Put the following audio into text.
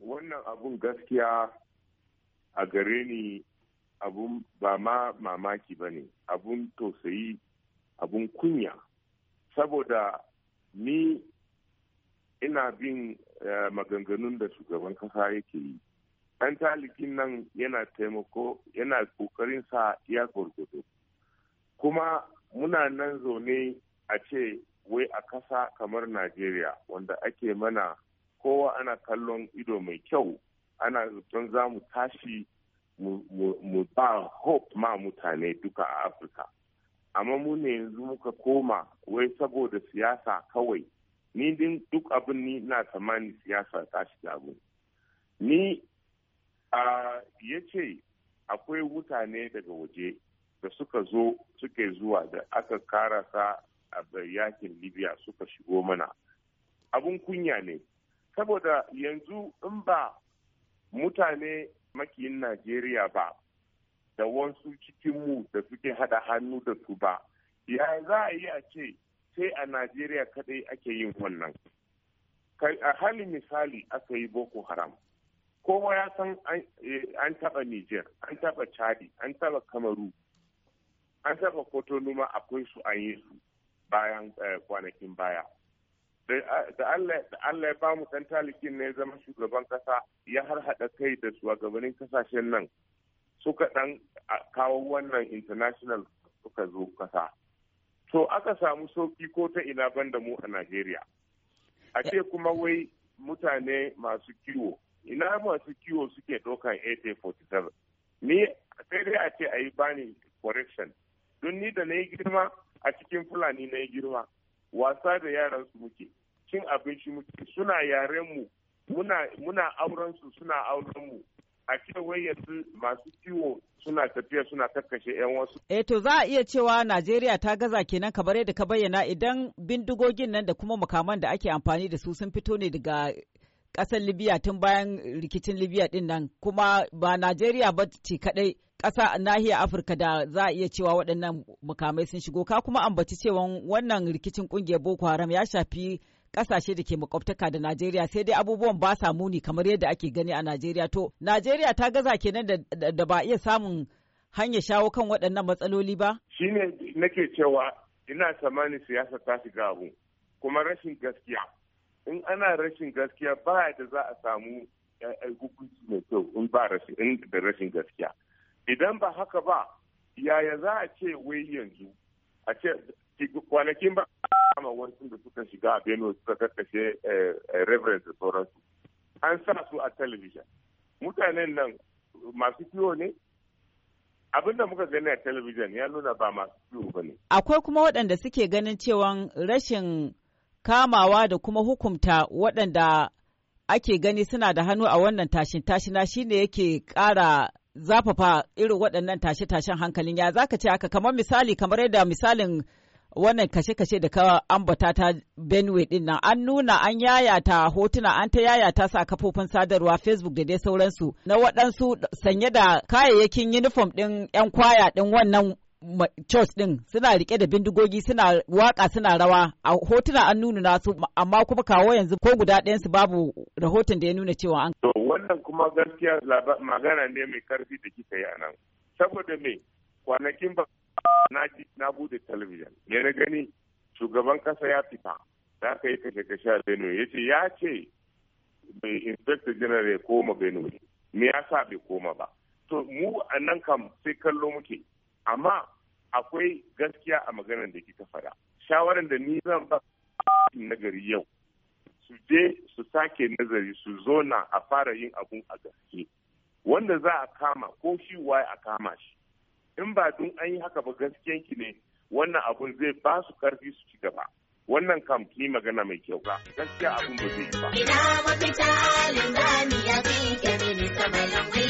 wannan abun gaskiya a gare ni abun ba ma mamaki ba ne abun tausayi abun kunya saboda ni ina bin eh, maganganun da shugaban kasa yake yi ɗan talikin nan yana taimako yana ƙoƙarin sa ya gwargwado kuma muna nan zaune a ce wai a kasa kamar najeriya wanda ake mana kowa ana kallon ido mai kyau ana zaton za mu tashi mu ba hope ma mutane duka a afirka amma mu ne yanzu muka koma wai saboda siyasa kawai ni din duk abin ni na tsammani siyasa ta shiga abu ni a ya ce akwai mutane daga waje da suka zo suke zuwa da aka karasa a yakin libya suka shigo mana abun kunya ne saboda yanzu in ba mutane makiyin najeriya ba da wasu cikinmu da suke hada hannu da su ba ya za a yi a ce sai a najeriya kadai ake yin wannan a hali misali aka yi boko haram kowa ya san an eh, taba niger an taba chadi an taba kamaru an taba kotonuma akwai su an yi su bayan eh, kwanakin baya da Allah ya ba mu kan talikin ne zama shugaban kasa ya har hada kai da shugabannin kasashen nan suka ɗan kawo wannan international suka zo kasa. To aka samu sauki ko ta ina banda mu a Najeriya. A ce kuma wai mutane masu kiwo, ina masu kiwo suke ɗaukan 847. Ni sai dai a ce a yi bani correction. Don ni da na yi girma a cikin Fulani na yi girma, wasa da yaran su muke. cin abinci muke suna yaren mu muna auren su suna auren mu a ce wai yanzu masu ciwo suna tafiya suna kakkashe yan wasu. Eh to za a iya cewa Najeriya ta gaza kenan kamar da ka bayyana idan bindigogin nan da kuma makaman da ake amfani da su sun fito ne daga kasar Libya tun bayan rikicin Libya din nan kuma ba Najeriya ba ce kadai ƙasa nahiyar Afirka da za a iya cewa waɗannan mukamai sun shigo ka kuma ambaci cewa wannan rikicin ƙungiyar Boko Haram ya shafi kasashe da ke makwabtaka da Najeriya sai dai abubuwan ba sa muni kamar yadda ake gani a Najeriya to Najeriya ta gaza kenan da ba iya samun hanyar shawo kan waɗannan matsaloli ba? Shine nake cewa ina tsammanin siyasa ta shiga abu kuma rashin gaskiya in ana rashin gaskiya ba da za a samu eh, eh, hukunci mai kyau in ba rashin da rashin gaskiya idan ba haka ba yaya za a ce wai yanzu a ce kwanakin ba kama wasu da suka shiga a Benue suka kakkashe eh, eh, reverend da sauransu an sa su a talabijin mutanen nan masu kiwo ne abin da muka gani a talabijin ya nuna ba masu kiwo ba ne akwai kuma waɗanda suke ganin cewa rashin kamawa da kuma hukumta waɗanda ake gani suna da hannu a wannan tashin tashina shine yake ƙara zafafa irin waɗannan tashe-tashen hankalin ya zaka ce haka kamar misali kamar yadda misalin wannan kashe-kashe da ka ambata ta benue din nan an nuna an yayata hotuna an ta yayata su a kafofin sadarwa facebook da dai sauransu na waɗansu sanye da kayayyakin uniform din 'yan kwaya din wannan church din suna rike da bindigogi suna waka suna rawa a hotuna an nuna su amma kuma kawo yanzu ko guda ɗayansu babu rahoton da ya nuna cewa an. To wannan kuma gaskiya magana ne mai karfi da kika yi a nan. Saboda me kwanakin ba na ji na bude talabijin ya na gani shugaban kasa ya fita za ka yi kashe kashe a benue ya ce ya ce mai inspector general ya koma benue me ya sa bai koma ba to mu a nan kam sai kallo muke amma akwai gaskiya a maganar da kika faɗa shawarar da ni zan ba nagari yau su je su sake nazari su zo na a fara yin abun a gaske wanda za a kama ko shi waye a kama shi in ba dun an yi haka ba gaskiya ki ne wannan abun zai ba su karfi su ci gaba wannan kam ki magana mai kyau ba gaskiya abun ba zai yi ba ina mafita linzami ya ni ke mini